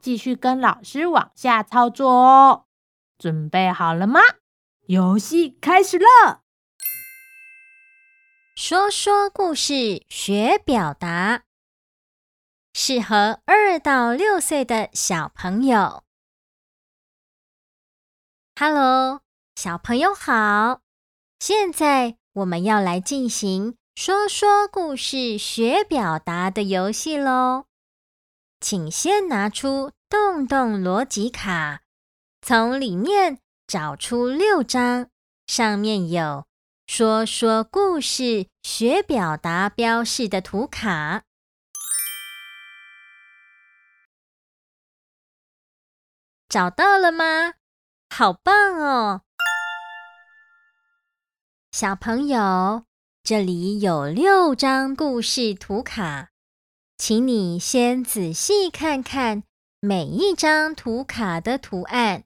繼續跟老師往下操作哦，準備好了嗎？遊戲開始了。說說故事，學表達，適合二到六歲的小朋友。Hello，小朋友好，現在我們要來進行說說故事學表達的遊戲咯。請先拿出。動動邏輯卡，從裡面找出六張上面有說說故事、學表達標示的圖卡。找到了嗎？好棒哦！小朋友，這裡有六張故事圖卡，請你先仔細看看。每一張圖卡的圖案，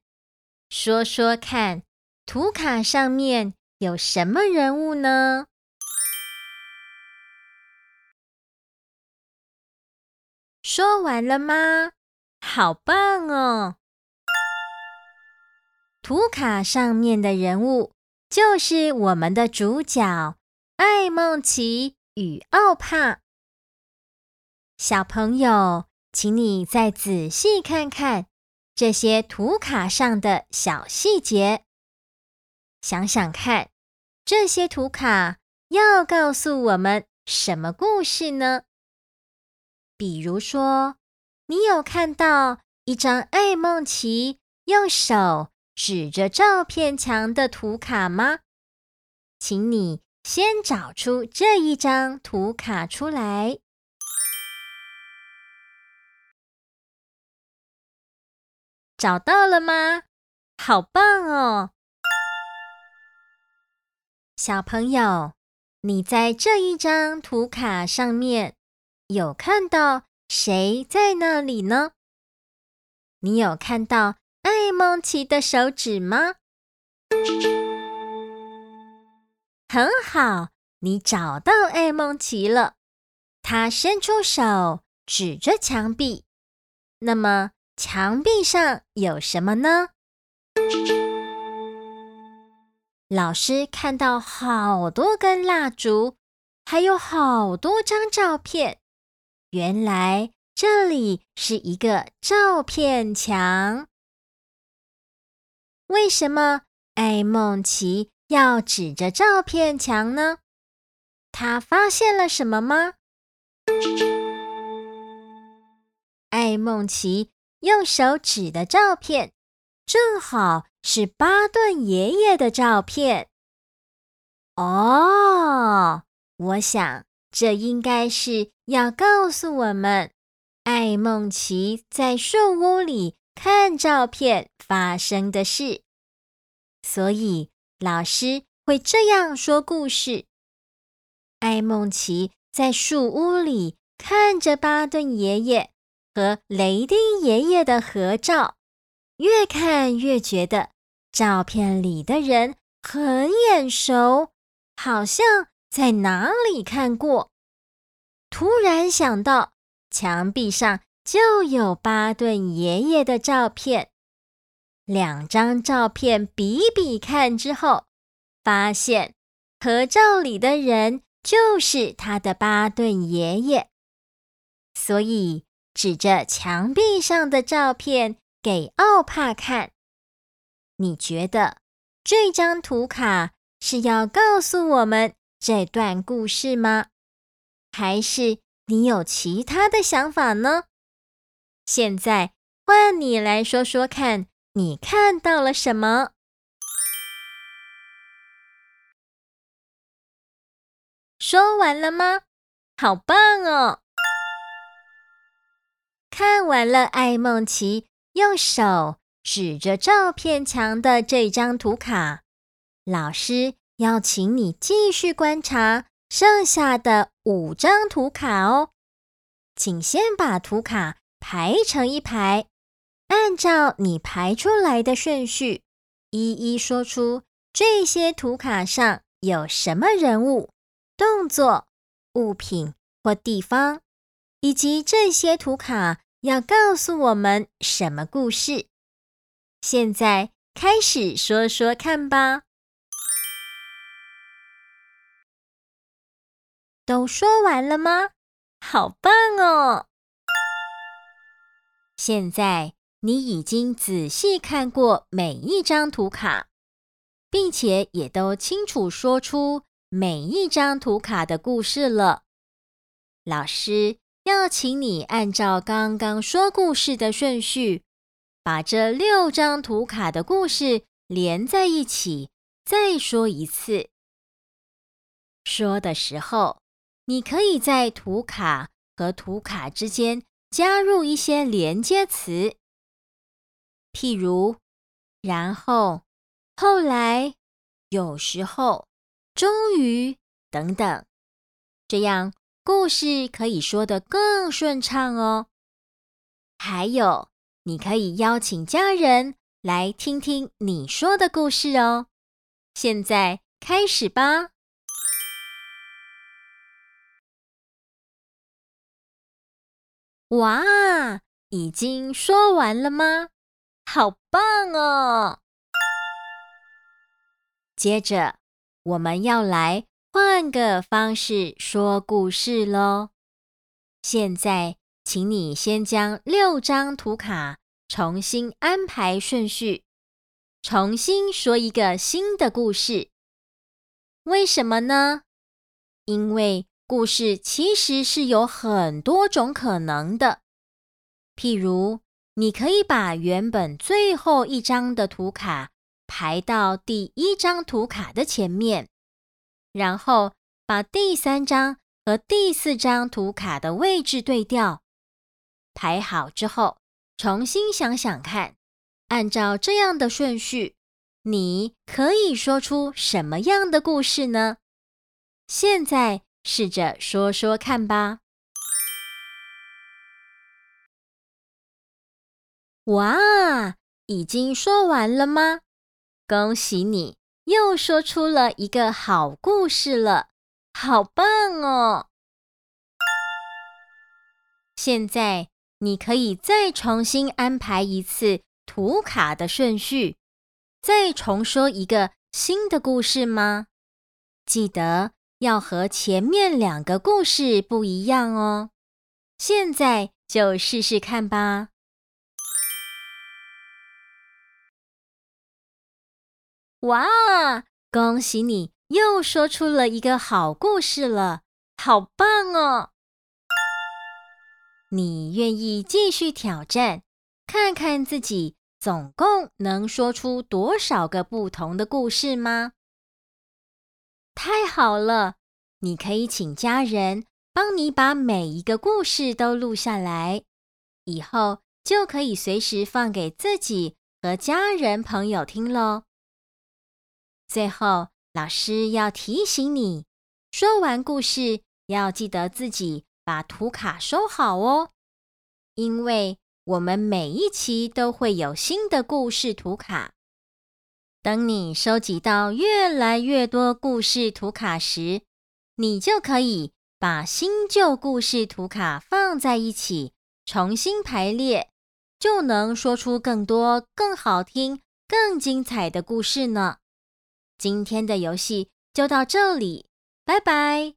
說說看，圖卡上面有什麼人物呢？說完了嗎？好棒哦！圖卡上面的人物就是我們的主角，愛孟奇與奧帕。小朋友。請你再仔細看看這些圖卡上的小細節，想想看，這些圖卡要告訴我們什麼故事呢？比如說，你有看到一張愛孟奇用手指着照片牆的圖卡嗎？請你先找出這一張圖卡出來。找到了嗎？好棒哦！小朋友，你在這一張圖卡上面有看到誰在那裡呢？你有看到愛孟奇的手指嗎？很好，你找到愛孟奇了。他伸出手指着牆壁，那麼。牆壁上有什麼呢？老師看到好多根蠟燭，還有好多張照片。原來這裡是一個照片牆。為什麼愛孟奇要指着照片牆呢？她發現了什麼嗎？愛孟奇。用手指的照片，正好是巴頓爺爺的照片。哦，我想這應該是要告訴我們，愛孟奇在樹屋裡看照片發生的事，所以老師會這樣說故事：愛孟奇在樹屋裡看着巴頓爺爺。和雷丁爺爺的合照，越看越覺得照片裡的人很眼熟，好像在哪裡看過。突然想到，牆壁上就有巴頓爺爺的照片。兩張照片比比看之後，發現合照裡的人就是他的巴頓爺爺。所以，指着牆壁上的照片給奧帕看，你覺得這張圖卡是要告訴我們這段故事嗎？還是你有其他的想法呢？現在換你來說說看，你看到了什麼。說完了嗎？好棒哦！看完了，愛孟奇用手指着照片牆的這張圖卡。老師要請你繼續觀察剩下的五張圖卡哦。請先把圖卡排成一排，按照你排出來的順序，一一說出這些圖卡上有什麼人物、動作、物品或地方。以及這些圖卡要告訴我們什麼故事？現在開始說說看吧。都說完了嗎？好棒哦！現在你已經仔細看過每一張圖卡，並且也都清楚說出每一張圖卡的故事了。老師。要請你按照剛剛說故事的順序，把這六張圖卡的故事連在一起，再說一次。說的時候，你可以在圖卡和圖卡之間加入一些連接詞，譬如“然後”、“後來”、“有時候”、“終於”等等，這樣。故事可以說得更順暢哦，還有你可以邀請家人來聽聽你說的故事哦。現在開始吧！哇，已經說完了嗎？好棒哦！接着我們要來。換個方式說故事嘍。現在，請你先將六張圖卡重新安排順序，重新說一個新的故事。為什麼呢？因為故事其實是有很多種可能的。譬如，你可以把原本最後一張的圖卡排到第一張圖卡的前面。然後把第三張和第四張圖卡的位置對調，排好之後，重新想想看，按照這樣的順序，你可以說出什麼樣的故事呢？現在試着說說看吧。哇，已經說完了嗎？恭喜你！又說出了一個好故事了，好棒哦！現在你可以再重新安排一次圖卡的順序，再重說一個新的故事嗎？記得要和前面兩個故事不一樣哦。現在就試試看吧。哇！恭喜你又說出了一個好故事了，好棒哦！你願意繼續挑戰，看看自己總共能說出多少個不同的故事嗎？太好了，你可以請家人幫你把每一個故事都錄下來，以後就可以隨時放給自己和家人朋友聽嘍。最後，老師要提醒你，說完故事要記得自己把圖卡收好哦。因為我們每一期都會有新的故事圖卡，等你收集到越來越多故事圖卡時，你就可以把新舊故事圖卡放在一起重新排列，就能說出更多、更好聽、更精彩的故事呢。今天的遊戲就到這裡，拜拜。